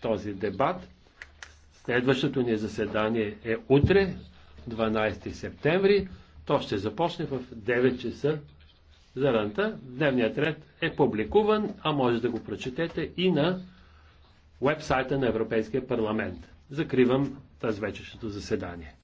този дебат. Следващото ни заседание е утре, 12 септември. То ще започне в 9 часа за ранта. Дневният ред е публикуван, а може да го прочетете и на вебсайта на Европейския парламент. Закривам тази вечешното заседание.